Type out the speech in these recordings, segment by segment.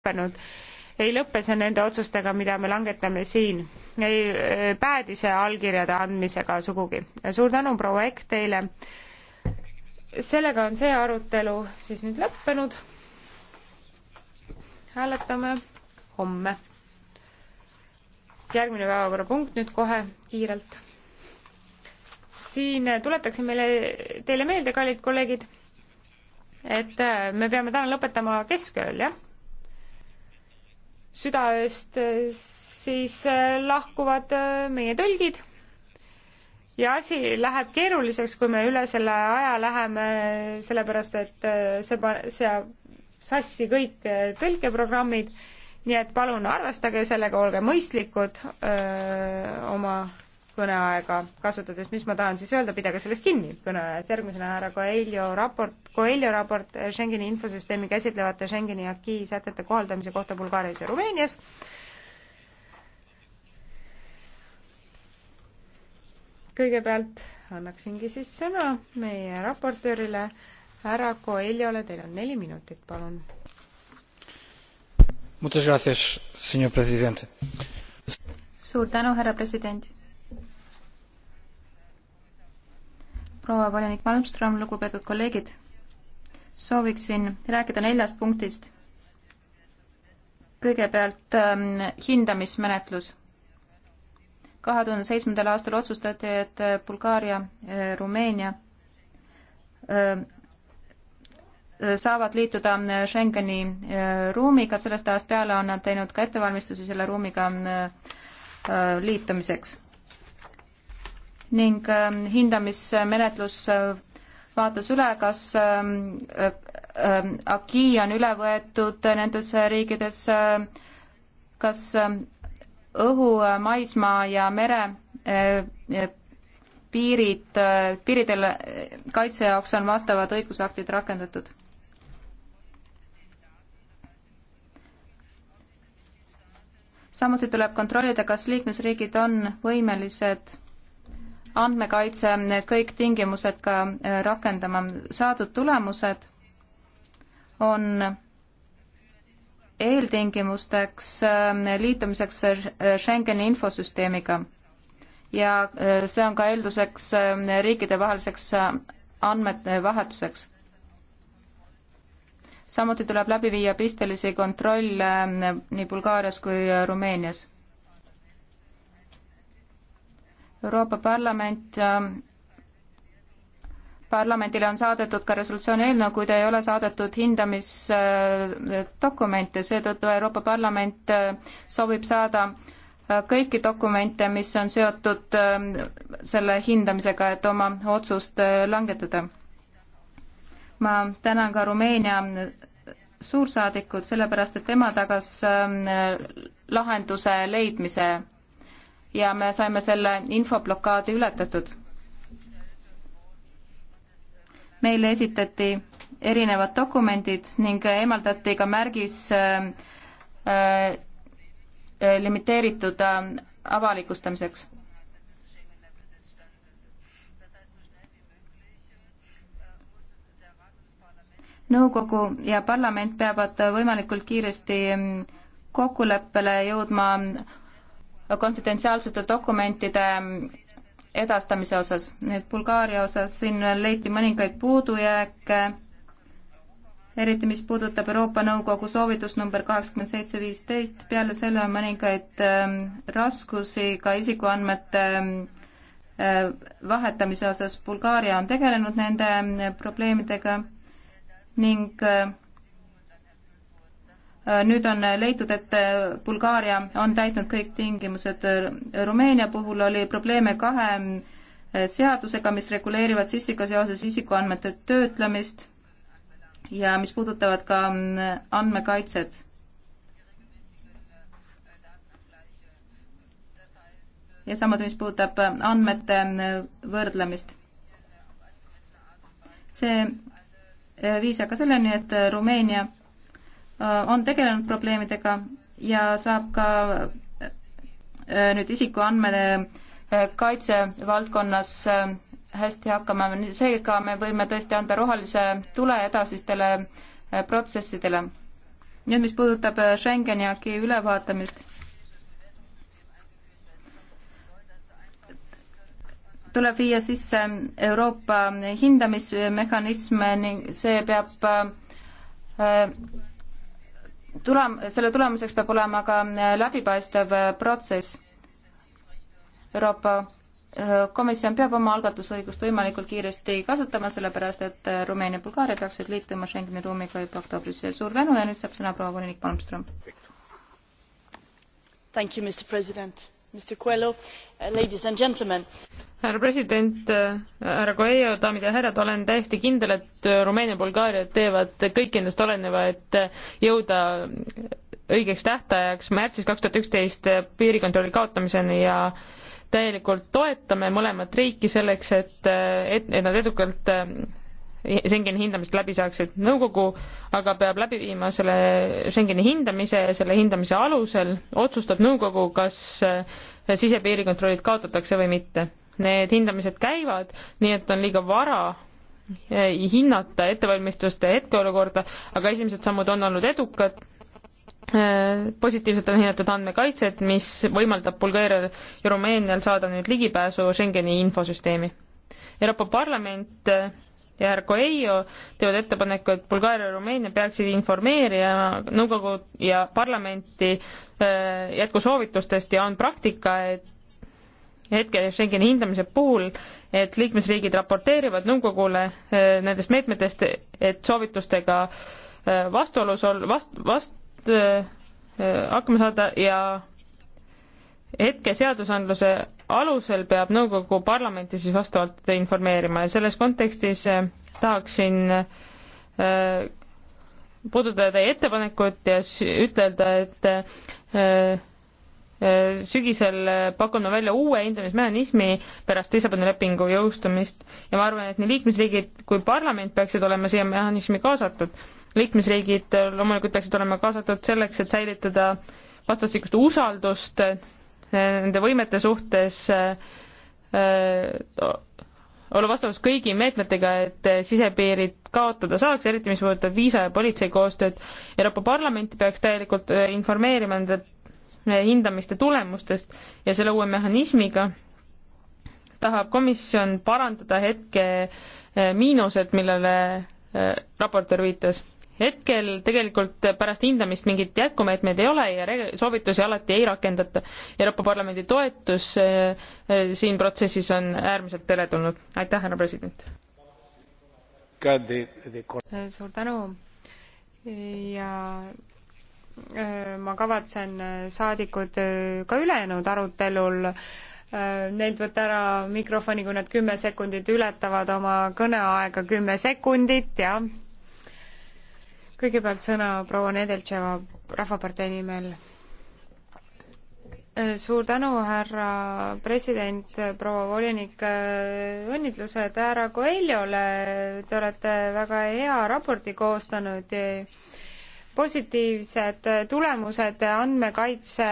lõppenud, ei lõppe see nende otsustega, mida me langetame siin. ei eh, päädi see allkirjade andmisega sugugi. suur tänu, proua Ekk, teile. sellega on see arutelu siis nüüd lõppenud. hääletame homme. järgmine päevakorrapunkt nüüd kohe kiirelt. siin tuletaksin meile, teile meelde, kallid kolleegid, et eh, me peame täna lõpetama keskööl, jah südaööst, siis äh, lahkuvad äh, meie tõlgid ja asi läheb keeruliseks, kui me üle selle aja läheme, sellepärast et äh, see pa-, seab sassi kõik tõlkeprogrammid, nii et palun arvestage sellega, olge mõistlikud öö, oma kõneaega kasutades, mis ma tahan siis öelda, pidage sellest kinni kõneajast. järgmisena härra Coelho raport, Coelho raport eh, Schengeni infosüsteemi käsitlevate Schengeni akii sätete kohaldamise kohta Bulgaarias ja Rumeenias. kõigepealt annaksingi siis sõna meie raportöörile, härra Coelhole, teil on neli minutit, palun. suur tänu, härra president proua volinik Malmström, lugupeetud kolleegid. sooviksin rääkida neljast punktist. kõigepealt ähm, hindamismenetlus. kahe tuhande seitsmendal aastal otsustati, et äh, Bulgaaria äh,, Rumeenia ähm, äh, saavad liituda äh, Schengeni äh, ruumiga, sellest ajast peale on nad teinud ka ettevalmistusi selle ruumiga liitumiseks ning ähm, hindamismenetlus äh, vaatas üle, kas ähm, äh, ähm, AKI on üle võetud nendes riikides, äh, kas õhu, maismaa ja mere piirid, piiridel kaitse jaoks on vastavad õigusaktid rakendatud. samuti tuleb kontrollida, kas liikmesriigid on võimelised andmekaitse kõik tingimused ka äh, rakendama. saadud tulemused on eeltingimusteks äh, liitumiseks äh, Schengeni infosüsteemiga ja see on ka eelduseks riikidevaheliseks andmete vahetuseks. samuti tuleb läbi viia pistelisi kontrolle nii Bulgaarias kui Rumeenias Euroopa Parlament ähm, parlamendile on saadetud ka resolutsiooni eelnõu, kuid ei ole saadetud hindamisdokumente, äh, seetõttu Euroopa Parlament äh, soovib saada äh, kõiki dokumente, mis on seotud ähm, selle hindamisega, et oma otsust langetada. ma tänan ka Rumeenia suursaadikut, sellepärast et tema tagas ähm, lahenduse leidmise ja me saime selle infoblokaadi ületatud. meile esitati erinevad dokumendid ning eemaldati ka märgis äh, äh, limiteeritud äh, avalikustamiseks. nõukogu ja parlament peavad võimalikult kiiresti mm, kokkuleppele jõudma konfidentsiaalsete dokumentide edastamise osas. nüüd Bulgaaria osas siin leiti mõningaid puudujääke, eriti mis puudutab Euroopa Nõukogu soovitust number kaheksakümmend seitse viisteist, peale selle on mõningaid äh, raskusi ka isikuandmete ähm, äh, vahetamise osas. Bulgaaria on tegelenud nende ähm, probleemidega ning äh, nüüd on leitud, et Bulgaaria on täitnud kõik tingimused. Rumeenia puhul oli probleeme kahe seadusega, mis reguleerivad sisiga seoses isikuandmete töötlemist ja mis puudutavad ka andmekaitset. ja samuti, mis puudutab andmete võrdlemist. see viis aga selleni, et Rumeenia Äh, on tegelenud probleemidega ja saab ka äh, nüüd isikuandmete äh, kaitse valdkonnas hästi hakkama, seega me võime tõesti anda rohelise tule edasistele protsessidele. nüüd, mis puudutab Schengeni aki ülevaatamist, tuleb viia sisse Euroopa hindamismehhanism ning see peab tulem-, selle tulemuseks peab olema ka äh, läbipaistev äh, protsess. Euroopa äh, Komisjon peab oma algatusõigust võimalikult kiiresti kasutama, sellepärast et Rumeenia ja Bulgaaria peaksid liituma Schengeni ruumiga juba oktoobris. suur tänu ja nüüd saab sõna proua volinik Palmström. Thank you, Mr President Uh, härra president, uh, härra Coelho, daamid ja härrad, olen täiesti kindel, et uh, Rumeenia, Bulgaaria teevad kõik endast oleneva, et jõuda õigeks tähtajaks märtsis kaks tuhat üksteist piirikontrolli kaotamiseni ja täielikult toetame mõlemat riiki selleks, et, et, et nad edukalt Schengeni hindamist läbi saaksid. nõukogu aga peab läbi viima selle Schengeni hindamise ja selle hindamise alusel otsustab nõukogu, kas äh, sisepiirikontrollid kaotatakse või mitte. Need hindamised käivad, nii et on liiga vara äh, hinnata ettevalmistuste hetkeolukorda, aga esimesed sammud on olnud edukad äh, positiivselt on hinnatud andmekaitset, mis võimaldab Bulgaarial ja Rumeenial saada nüüd ligipääsu Schengeni infosüsteemi. Euroopa Parlament ja härra Coelho teevad ettepaneku, et Bulgaaria ja Rumeenia peaksid informeerima nõukogu ja parlamenti äh, jätkusoovitustest ja on praktika, et hetkel Schengeni hindamise puhul, et liikmesriigid raporteerivad nõukogule äh, nendest meetmetest, et soovitustega äh, vastuolus ol-, vast-, vast-, hakkama saada ja hetke seadusandluse alusel peab nõukogu parlamenti siis vastavalt informeerima ja selles kontekstis eh, tahaksin äh, puudutada teie ettepanekut ja ütelda, et äh, sügisel pakume välja uue hindamismehhanismi pärast Lissaboni lepingu jõustumist ja ma arvan, et nii liikmesriigid kui parlament peaksid olema siia mehhanismi kaasatud. liikmesriigid loomulikult peaksid olema kaasatud selleks, et säilitada vastastikust usaldust nende võimete suhtes äh, äh, olla vastavus kõigi meetmetega, et sisepiirid kaotada saaks, eriti mis puudutab viisa ja politsei koostööd. Euroopa Parlamenti peaks täielikult äh, informeerima nende hindamiste tulemustest ja selle uue mehhanismiga tahab komisjon parandada hetke miinused, millele raportöör viitas hetkel tegelikult pärast hindamist mingit jätkumeetmeid ei ole ja soovitusi alati ei rakendata. Euroopa Parlamendi toetus eh, eh, siin protsessis on äärmiselt teretulnud. aitäh, härra president! Eh, suur tänu ja ma kavatsen saadikud ka ülejäänud arutelul neilt võtta ära mikrofoni, kui nad kümme sekundit ületavad oma kõneaega kümme sekundit ja kõigepealt sõna proua Nedeltševa Rahvapartei nimel. Äh, suur tänu, härra president, proua volinik, äh, õnnitlused härra Coelhole, te olete väga hea raporti koostanud, positiivsed tulemused andmekaitse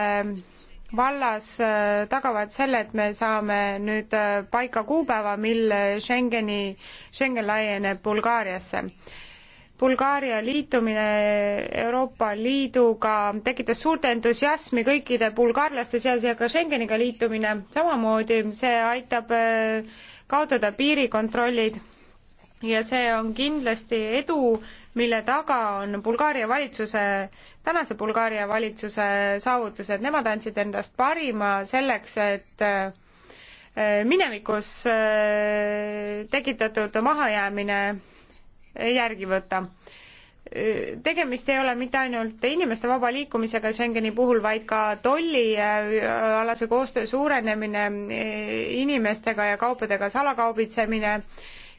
vallas äh, tagavad selle, et me saame nüüd paika kuupäeva, mil Schengeni, Schengen laieneb Bulgaariasse. Bulgaaria liitumine Euroopa Liiduga tekitas suurt entusiasmi kõikide bulgaarlaste seas ja ka Schengeniga liitumine samamoodi, see aitab äh, kaotada piirikontrollid ja see on kindlasti edu, mille taga on Bulgaaria valitsuse, tänase Bulgaaria valitsuse saavutused, nemad andsid endast parima selleks, et äh, minevikus äh, tekitatud mahajäämine järgi võtta. tegemist ei ole mitte ainult inimeste vaba liikumisega Schengeni puhul, vaid ka tollialase äh, koostöö suurenemine äh, inimestega ja kaupadega salakaubitsemine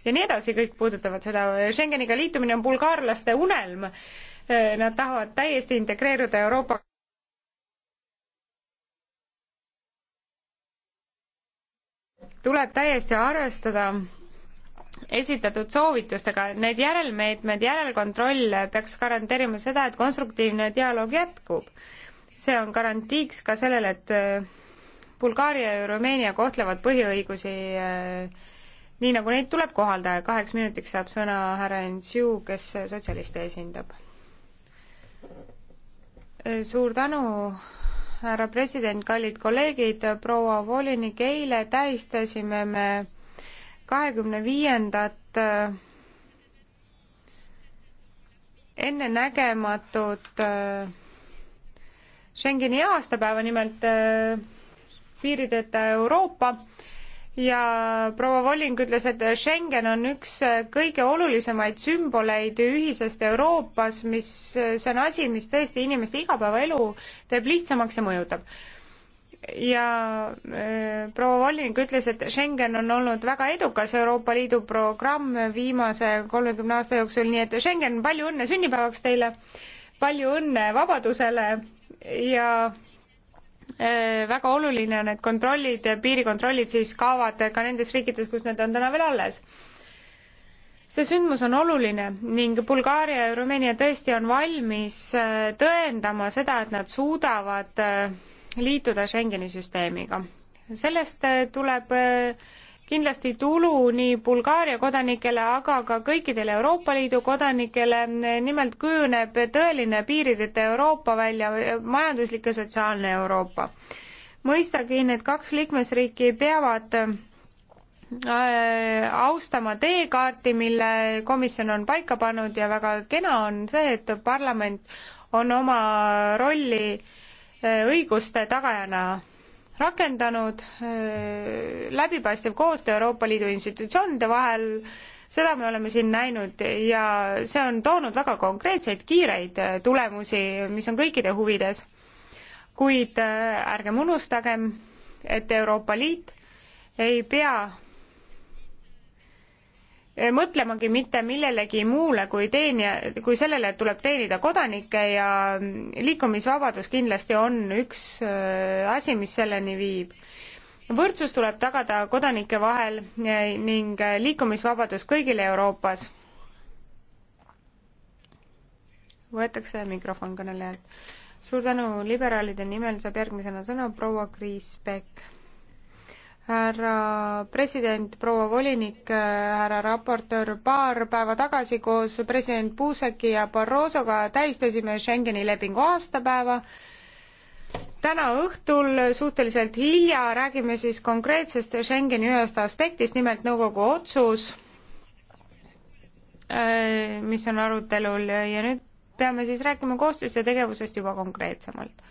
ja nii edasi, kõik puudutavad seda. Schengeniga liitumine on bulgaarlaste unelm. Äh, nad tahavad täiesti integreeruda Euroopa tuleb täiesti arvestada esitatud soovitustega, need järelmeetmed, järelkontroll peaks garanteerima seda, et konstruktiivne dialoog jätkub. see on garantiiks ka sellele, et äh, Bulgaaria ja Rumeenia kohtlevad põhiõigusi äh, nii, nagu neid tuleb kohaldada. kaheks minutiks saab sõna härra Ensiu, kes sotsialiste esindab. Äh, suur tänu härra president, kallid kolleegid, proua volinik, eile tähistasime me kahekümne viiendat äh, ennenägematut äh, Schengeni aastapäeva, nimelt äh, piirideta Euroopa ja proua Volling ütles, et Schengen on üks kõige olulisemaid sümboleid ühisest Euroopas, mis, see on asi, mis tõesti inimeste igapäevaelu teeb lihtsamaks ja mõjutab ja äh, proua Volling ütles, et Schengen on olnud väga edukas Euroopa Liidu programm viimase kolmekümne aasta jooksul, nii et Schengen, palju õnne sünnipäevaks teile, palju õnne vabadusele ja äh, väga oluline on, et kontrollid, piirikontrollid siis kaovad ka nendes riikides, kus need on täna veel alles. see sündmus on oluline ning Bulgaaria ja Rumeenia tõesti on valmis äh, tõendama seda, et nad suudavad liituda Schengeni süsteemiga. sellest äh, tuleb äh, kindlasti tulu nii Bulgaaria kodanikele, aga ka kõikidele Euroopa Liidu kodanikele, nimelt kujuneb tõeline piirideta Euroopa välja, äh, majanduslik ja sotsiaalne Euroopa. mõistagi need kaks liikmesriiki peavad austama teekaarti, mille komisjon on paika pannud ja väga kena on see, et parlament on oma rolli äh, õiguste tagajana rakendanud, äh, läbipaistev koostöö Euroopa Liidu institutsioonide vahel, seda me oleme siin näinud ja see on toonud väga konkreetseid kiireid äh, tulemusi, mis on kõikide huvides. kuid äh, ärgem unustagem, et Euroopa Liit ei pea Eh, mõtlemagi mitte millelegi muule kui teenija, kui sellele, et tuleb teenida kodanikke ja mm, liikumisvabadus kindlasti on üks äh, asi, mis selleni viib. võrdsus tuleb tagada kodanike vahel eh, ning äh, liikumisvabadus kõigile Euroopas. võetakse mikrofon kõnelejalt. suur tänu, liberaalide nimel saab järgmisena sõna proua Kriis Pekk härra president, proua volinik, härra raportöör, paar päeva tagasi koos president Buzeki ja Barrosoga tähistasime Schengeni lepingu aastapäeva. täna õhtul suhteliselt hilja räägime siis konkreetsest Schengeni ühest aspektist, nimelt nõukogu otsus, mis on arutelul ja nüüd peame siis rääkima koostööst ja tegevusest juba konkreetsemalt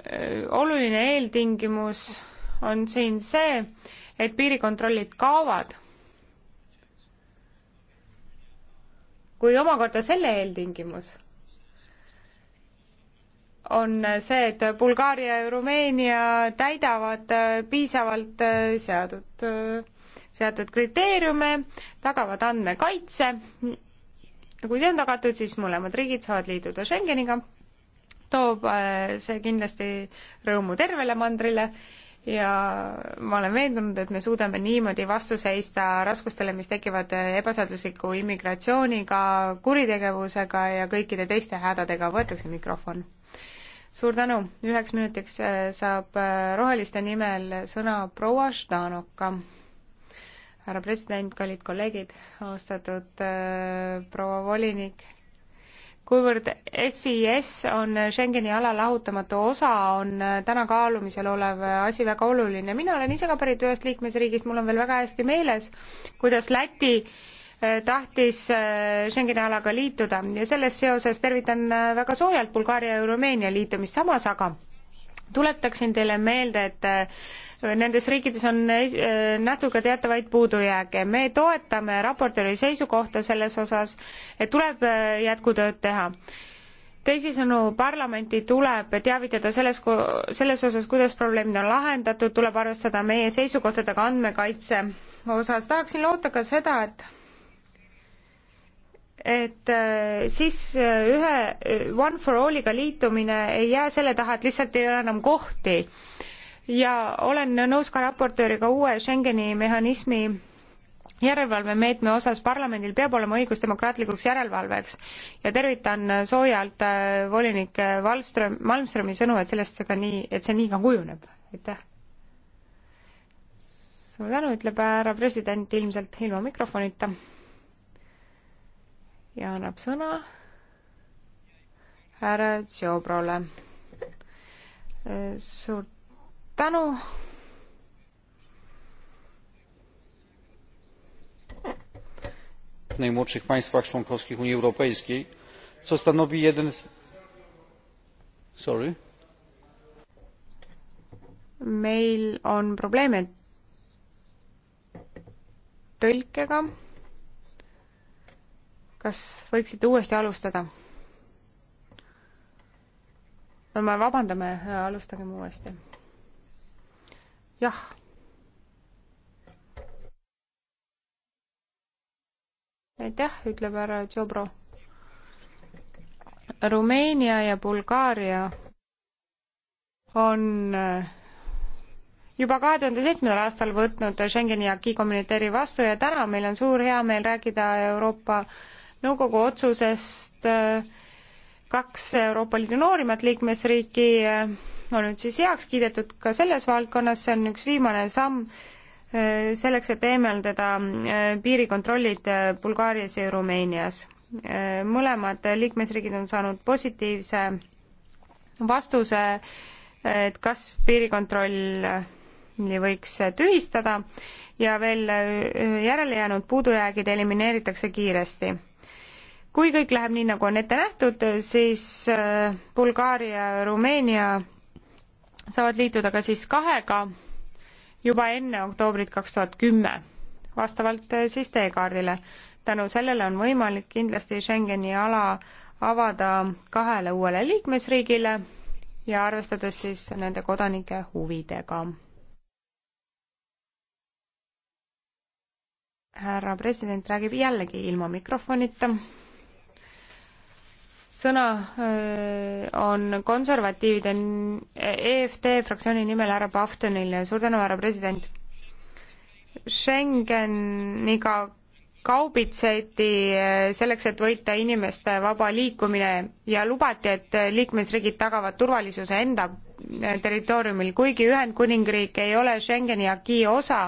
Äh, oluline eeltingimus on siin see, et piirikontrollid kaovad. kui omakorda selle eeltingimus on see, et Bulgaaria ja Rumeenia täidavad äh, piisavalt äh, seatud, seatud kriteeriume, tagavad andmekaitse ja kui see on tagatud, siis mõlemad riigid saavad liituda Schengeniga toob äh, see kindlasti rõõmu tervele mandrile ja ma olen veendunud, et me suudame niimoodi vastu seista raskustele, mis tekivad ebaseadusliku immigratsiooniga, kuritegevusega ja kõikide teiste hädadega. võetakse mikrofon. suur tänu, üheks minutiks äh, saab äh, Roheliste nimel sõna proua Ždanoka härra president, kallid kolleegid, austatud äh, proua volinik, kuivõrd SIS on Schengeni ala lahutamatu osa, on täna kaalumisel olev asi väga oluline. mina olen ise ka pärit ühest liikmesriigist, mul on veel väga hästi meeles, kuidas Läti eh, tahtis eh, Schengeni alaga liituda ja selles seoses tervitan eh, väga soojalt Bulgaaria ja Rumeenia liitumist samas, aga tuletaksin teile meelde, et äh, nendes riikides on äh, natuke teatavaid puudujääke. me toetame raportööri seisukohta selles osas, et tuleb äh, jätkutööd teha teisisõnu, parlamenti tuleb teavitada selles, selles osas, kuidas probleemid on lahendatud, tuleb arvestada meie seisukohtadega andmekaitse osas. tahaksin loota ka seda, et et äh, siis äh, ühe äh, One for All'iga liitumine ei jää selle taha, et lihtsalt ei ole enam kohti. ja olen nõus ka raportööriga uue Schengeni mehhanismi järelevalvemeetme osas parlamendil peab olema õigus demokraatlikuks järelevalveks ja tervitan soojalt volinik Wallström, Malmströmi sõnu, et sellest ka nii, et see nii ka kujuneb, aitäh. suur tänu, ütleb härra president ilmselt ilma mikrofonita ja annab sõna härra Tsiobrole. suur tänu. w najmłodszych państwach członkowskich Unii Europejskiej, co stanowi jeden z... Sorry? Meil on probleeme tõlkega kas võiksite uuesti alustada? no me vabandame, alustagem uuesti. jah. aitäh, ütleb härra Tšobro. Rumeenia ja Bulgaaria on äh, juba kahe tuhande seitsmendal aastal võtnud Schengeni ja Kiikomiteeri vastu ja täna meil on suur heameel rääkida Euroopa äh, nõukogu otsusest äh, kaks Euroopa Liidu noorimat liikmesriiki äh, on nüüd siis heaks kiidetud ka selles valdkonnas, see on üks viimane samm äh, selleks, et eemaldada piirikontrollid Bulgaarias ja Rumeenias. mõlemad liikmesriigid on saanud positiivse vastuse, et kas piirikontrolli võiks tühistada ja veel järelejäänud puudujäägid elimineeritakse kiiresti kui kõik läheb nii, nagu on ette nähtud, siis äh, Bulgaaria ja Rumeenia saavad liituda ka siis kahega juba enne oktoobrit kaks tuhat kümme, vastavalt äh, siis teekaardile. tänu sellele on võimalik kindlasti Schengeni ala avada kahele uuele liikmesriigile ja arvestades siis nende kodanike huvidega. härra president räägib jällegi ilma mikrofonita sõna äh, on konservatiivide EFT fraktsiooni nimel härra Paftonile, suur tänu, härra president. Schengeniga kaubitseti äh, selleks, et võita inimeste vaba liikumine ja lubati, et liikmesriigid tagavad turvalisuse enda äh, territooriumil, kuigi Ühendkuningriik ei ole Schengeni acquis osa,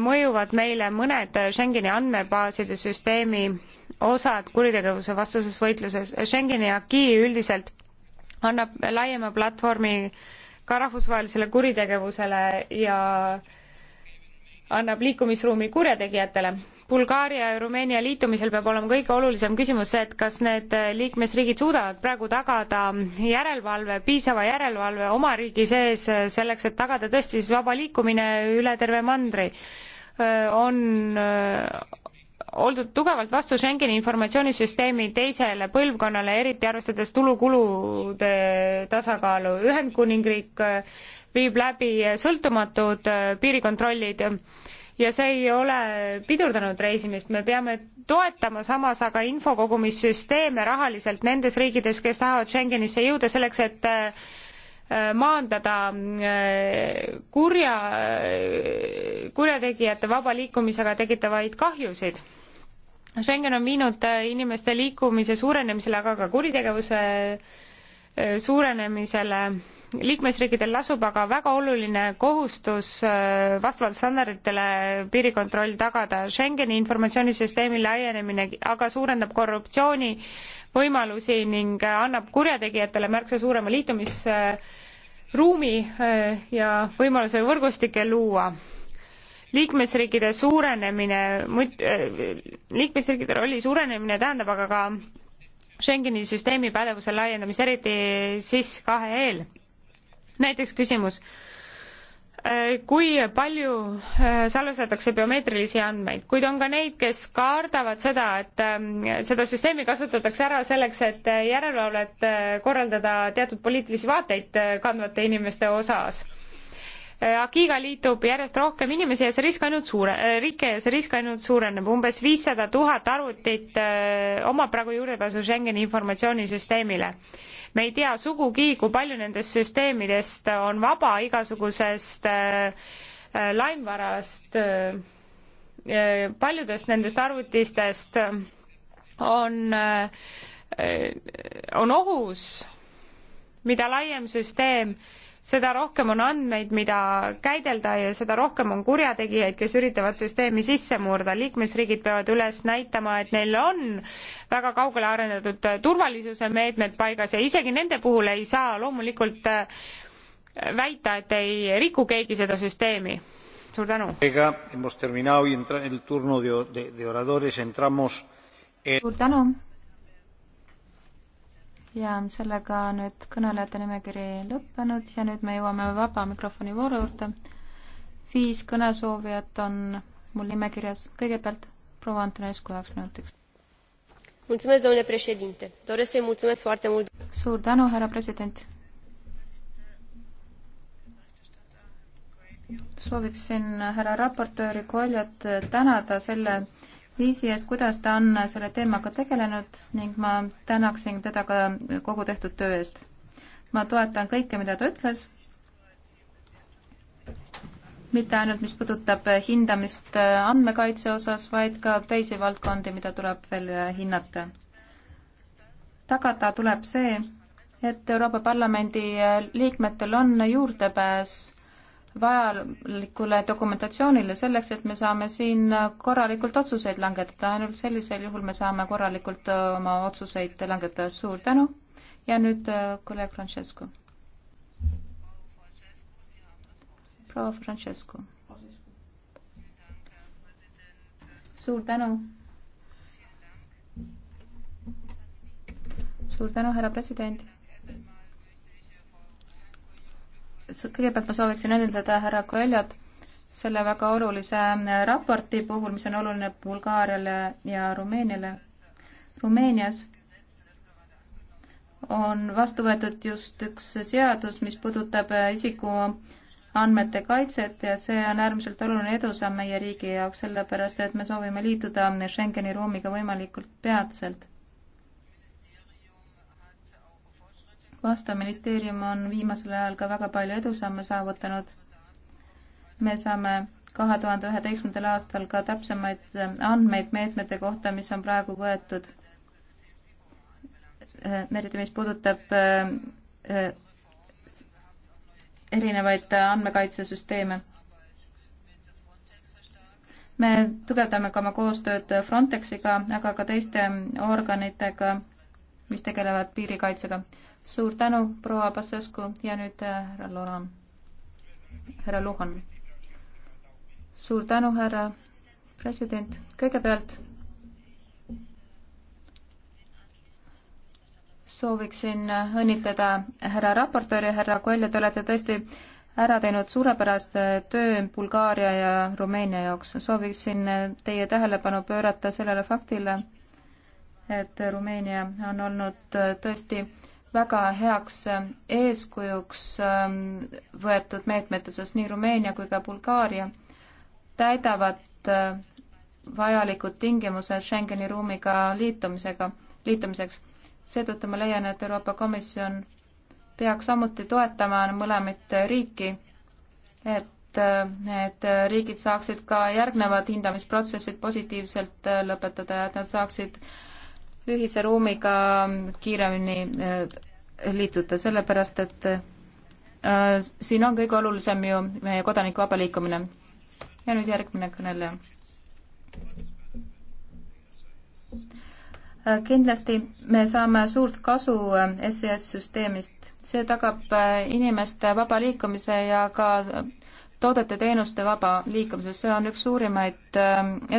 mõjuvad meile mõned Schengeni andmebaaside süsteemi osad kuritegevuse vastases võitluses. Schengeni acquis üldiselt annab laiema platvormi ka rahvusvahelisele kuritegevusele ja annab liikumisruumi kurjategijatele. Bulgaaria ja Rumeenia liitumisel peab olema kõige olulisem küsimus see, et kas need liikmesriigid suudavad praegu tagada järelevalve, piisava järelevalve oma riigi sees selleks, et tagada tõesti siis vaba liikumine üle terve mandri. on oldud tugevalt vastu Schengeni informatsioonisüsteemi teisele põlvkonnale, eriti arvestades tulu-kulude tasakaalu. Ühendkuningriik äh, viib läbi sõltumatud äh, piirikontrollid ja see ei ole pidurdanud reisimist, me peame toetama samas aga infokogumissüsteeme rahaliselt nendes riikides, kes tahavad Schengenisse jõuda, selleks et äh, Äh, maandada äh, kurja, äh, kurjategijate vaba liikumisega tekitavaid kahjusid. Schengen on viinud inimeste liikumise suurenemisele, aga ka kuritegevuse suurenemisele liikmesriikidel lasub aga väga oluline kohustus äh, vastavalt standarditele piirikontroll tagada. Schengeni informatsioonisüsteemi laienemine aga suurendab korruptsiooni võimalusi ning äh, annab kurjategijatele märksa suurema liitumisruumi äh, ja võimaluse võrgustikke luua liikmesriikide suurenemine, liikmesriikide rolli suurenemine tähendab aga ka Schengeni süsteemi pädevuse laiendamist, eriti SIS kahe eel näiteks küsimus, äh, kui palju äh, salvestatakse biomeetrilisi andmeid, kuid on ka neid, kes kardavad seda, et ähm, seda süsteemi kasutatakse ära selleks, et äh, järelevalvet korraldada teatud poliitilisi vaateid kandvate inimeste osas Äh, Akiga liitub järjest rohkem inimesi ja see risk ainult suure, äh, riike ja see risk ainult suureneb, umbes viissada tuhat arvutit äh, omab praegu juurdepääsu Schengeni informatsioonisüsteemile. me ei tea sugugi, kui palju nendest süsteemidest on vaba igasugusest laimvarast, paljudest nendest arvutistest on, on ohus, mida laiem süsteem, seda rohkem on andmeid, mida käidelda ja seda rohkem on kurjategijaid, kes üritavad süsteemi sisse murda. liikmesriigid peavad üles näitama, et neil on väga kaugele arendatud turvalisuse meetmed paigas ja isegi nende puhul ei saa loomulikult äh, väita, et ei riku keegi seda süsteemi. suur tänu. suur tänu ja sellega nüüd kõnelejate nimekiri lõppenud ja nüüd me jõuame vaba mikrofoni vooru juurde. viis kõnesoovijat on mul nimekirjas, kõigepealt proua Antonescu üheks minutiks. suur tänu, härra president. sooviksin härra raportööri Koljat tänada selle viisi eest, kuidas ta on selle teemaga tegelenud ning ma tänaksin teda ka kogu tehtud töö eest. ma toetan kõike, mida ta ütles, mitte ainult, mis puudutab hindamist andmekaitse osas, vaid ka teisi valdkondi, mida tuleb veel hinnata. tagada tuleb see, et Euroopa Parlamendi liikmetel on juurdepääs vajalikule dokumentatsioonile selleks, et me saame siin korralikult otsuseid langetada, ainult sellisel juhul me saame korralikult äh, oma otsuseid langetada, suur tänu. ja nüüd äh, kolleeg Francesco. proua Francesco. suur tänu. suur tänu, härra president kõigepealt ma sooviksin õnnitleda härra Koeljot selle väga olulise äh, raporti puhul, mis on oluline Bulgaariale ja Rumeeniale. Rumeenias on vastu võetud just üks seadus, mis puudutab äh, isiku andmete kaitset ja see on äärmiselt oluline edusamm meie riigi jaoks, sellepärast et me soovime liituda Schengeni ruumiga võimalikult peatselt vastav ministeerium on viimasel ajal ka väga palju edusamme saavutanud. me saame kahe tuhande üheteistkümnendal aastal ka täpsemaid andmeid meetmete kohta, mis on praegu võetud. eriti, mis puudutab eh, erinevaid andmekaitsesüsteeme. me tugevdame ka oma koostööd Frontexiga, aga ka teiste organitega, mis tegelevad piirikaitsega suur tänu, proua Basescu ja nüüd äh, härra Loran, härra Luhan. suur tänu, härra president. kõigepealt sooviksin äh, õnnitleda härra raportööri, härra Koelja, te olete tõesti ära teinud suurepärast äh, töö Bulgaaria ja Rumeenia jaoks. sooviksin teie tähelepanu pöörata sellele faktile, et Rumeenia on olnud tõesti väga heaks äh, eeskujuks ähm, võetud meetmete osas nii Rumeenia kui ka Bulgaaria täidavad äh, vajalikud tingimused Schengeni ruumiga liitumisega, liitumiseks. seetõttu ma leian, et Euroopa Komisjon peaks samuti toetama mõlemat riiki, et äh, need riigid saaksid ka järgnevad hindamisprotsessid positiivselt lõpetada ja et nad saaksid äh, ühise ruumiga kiiremini äh, liituda, sellepärast et äh, siin on kõige olulisem ju meie kodaniku vaba liikumine. ja nüüd järgmine kõneleja. Äh, kindlasti me saame suurt kasu SES e süsteemist, see tagab inimeste vaba liikumise ja ka toodete-teenuste vaba liikumise, see on üks suurimaid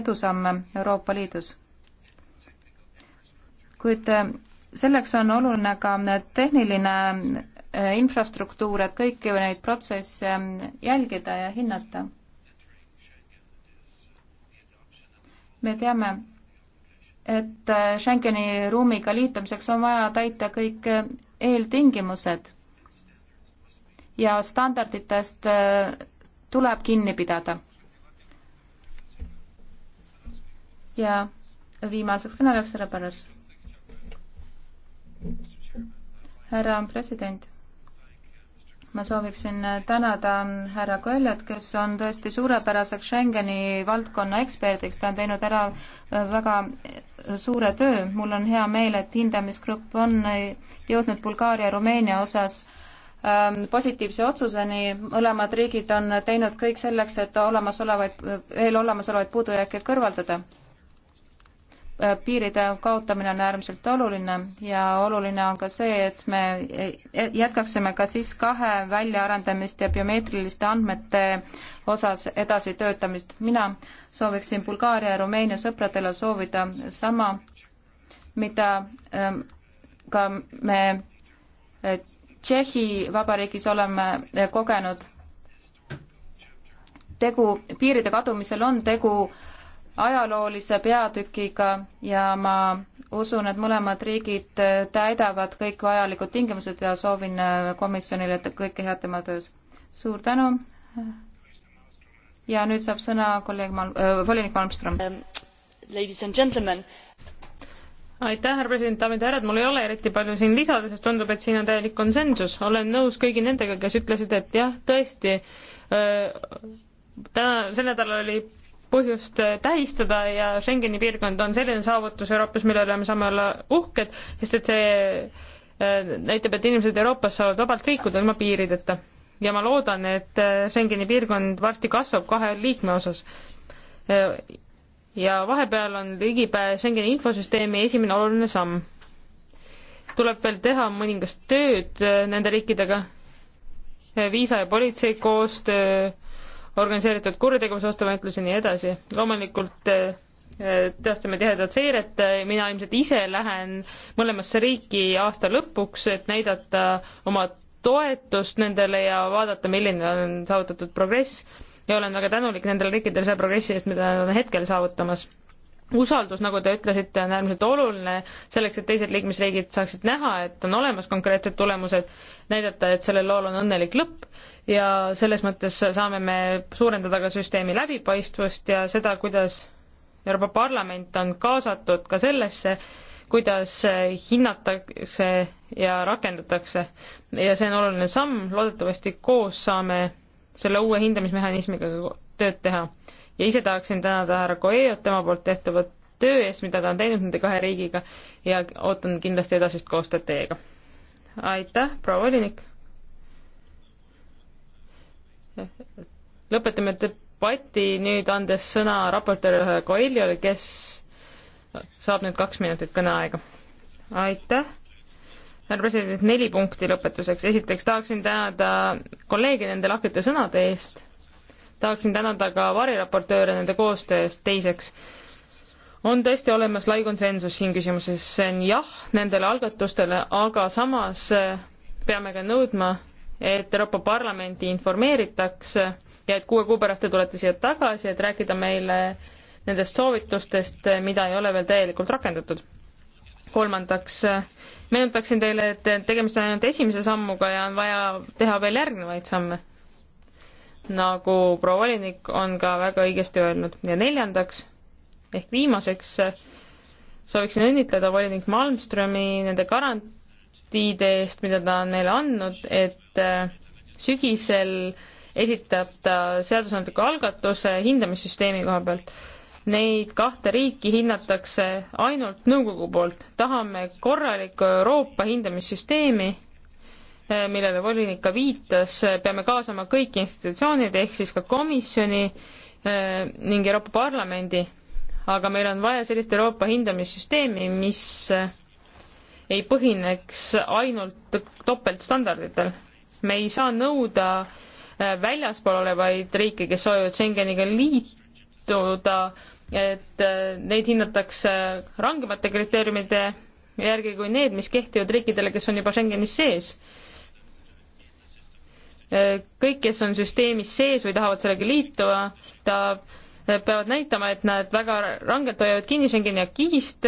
edusamme Euroopa Liidus kuid äh, selleks on oluline ka äh, tehniline äh, infrastruktuur, et kõiki neid protsesse ähm, jälgida ja hinnata. me teame, et Schengeni ruumiga liitumiseks on vaja täita kõik eeltingimused ja standarditest tuleb kinni pidada. ja viimaseks kõneleks sellepärast härra president, ma sooviksin tänada härra Kõllet, kes on tõesti suurepäraseks Schengeni valdkonna eksperdiks, ta on teinud ära väga suure töö, mul on hea meel, et hindamisgrupp on jõudnud Bulgaaria ja Rumeenia osas ähm, positiivse otsuseni, mõlemad riigid on teinud kõik selleks, et olemasolevaid, veel olemasolevaid puudujääke kõrvaldada Äh, piiride kaotamine on äärmiselt oluline ja oluline on ka see, et me e-, jätkaksime ka siis kahe väljaarendamist ja biomeetriliste andmete osas edasitöötamist. mina sooviksin Bulgaaria ja Rumeenia sõpradele soovida sama, mida ähm, ka me äh, Tšehhi Vabariigis oleme äh, kogenud. tegu, piiride kadumisel on tegu äh, ajaloolise peatükiga ja ma usun, et mõlemad riigid täidavad kõik vajalikud tingimused ja soovin komisjonile kõike head tema töös. suur tänu. ja nüüd saab sõna kolleeg Mal- äh,, volinik Malmström um,. Ladies and gentlemen. aitäh, härra president, daamid ja härrad, mul ei ole eriti palju siin lisada, sest tundub, et siin on täielik konsensus. olen nõus kõigi nendega, kes ütlesid, et jah, tõesti öö, äh, täna, sel nädalal oli põhjust tähistada ja Schengeni piirkond on selline saavutus Euroopas, mille üle me saame olla uhked, sest et see äh, näitab, et inimesed Euroopas saavad vabalt liikuda ilma piirideta. ja ma loodan, et äh, Schengeni piirkond varsti kasvab kahe liikme osas äh, ja vahepeal on ligipääs Schengeni infosüsteemi esimene oluline samm. tuleb veel teha mõningast tööd nende riikidega, viisa ja politsei koostöö organiseeritud kuritegevuse vastuväitlus ja nii edasi. loomulikult eh, eh, teostame tihedat seiret, mina ilmselt ise lähen mõlemasse riiki aasta lõpuks, et näidata oma toetust nendele ja vaadata, milline on saavutatud progress ja olen väga tänulik nendele riikidele selle progressi eest, mida nad on hetkel saavutamas. usaldus, nagu te ütlesite, on äärmiselt oluline selleks, et teised liikmesriigid saaksid näha, et on olemas konkreetsed tulemused, näidata, et sellel lool on õnnelik lõpp ja selles mõttes saame me suurendada ka süsteemi läbipaistvust ja seda, kuidas Euroopa Parlament on kaasatud ka sellesse, kuidas hinnatakse ja rakendatakse. ja see on oluline samm, loodetavasti koos saame selle uue hindamismehhanismiga tööd teha. ja ise tahaksin tänada härra Coelhot tema poolt tehtava töö eest, mida ta on teinud nende kahe riigiga ja ootan kindlasti edasist koostööd teiega. aitäh, proua volinik! lõpetame debati nüüd andes sõna raportöörile Koiljole, kes saab nüüd kaks minutit kõneaega. aitäh, härra president, neli punkti lõpetuseks. esiteks tahaksin tänada kolleege nende lahkete sõnade eest, tahaksin tänada ka variraportööre nende koostöö eest, teiseks on tõesti olemas lai konsensus siin küsimuses, see on jah nendele algatustele, aga samas peame ka nõudma, et Euroopa Parlamenti informeeritakse ja et kuue kuu pärast te tulete siia tagasi, et rääkida meile nendest soovitustest, mida ei ole veel täielikult rakendatud. kolmandaks, meenutaksin teile, et tegemist on ainult esimese sammuga ja on vaja teha veel järgnevaid samme. nagu proua volinik on ka väga õigesti öelnud. ja neljandaks ehk viimaseks sooviksin õnnitleda volinik Malmströmi nende garantiide eest, mida ta on meile andnud, et et äh, sügisel esitab ta seadusandliku algatuse hindamissüsteemi koha pealt. Neid kahte riiki hinnatakse ainult nõukogu poolt. tahame korralikku Euroopa hindamissüsteemi, äh, millele volinik ka viitas, peame kaasama kõik institutsioonid ehk siis ka komisjoni äh, ning Euroopa Parlamendi, aga meil on vaja sellist Euroopa hindamissüsteemi, mis ei põhineks ainult topeltstandarditel me ei saa nõuda äh, väljaspool olevaid riike, kes soovivad Schengeniga liituda, et äh, neid hinnatakse rangemate kriteeriumide järgi kui need, mis kehtivad riikidele, kes on juba Schengenis sees. Äh, kõik, kes on süsteemis sees või tahavad sellega liituda ta, peavad näitama, et nad väga rangelt hoiavad kinni Schengeni akiist,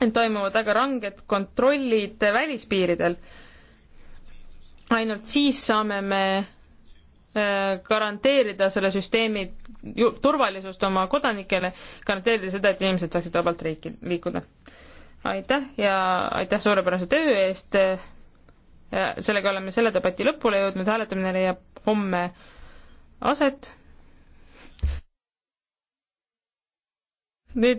toimuvad väga ranged kontrollid välispiiridel ainult siis saame me äh, garanteerida selle süsteemi turvalisust oma kodanikele, garanteerida seda, et inimesed saaksid vabalt riiki liikuda. aitäh ja aitäh suurepärase töö eest. Äh, sellega oleme selle debati lõpule jõudnud, hääletamine leiab homme aset. nüüd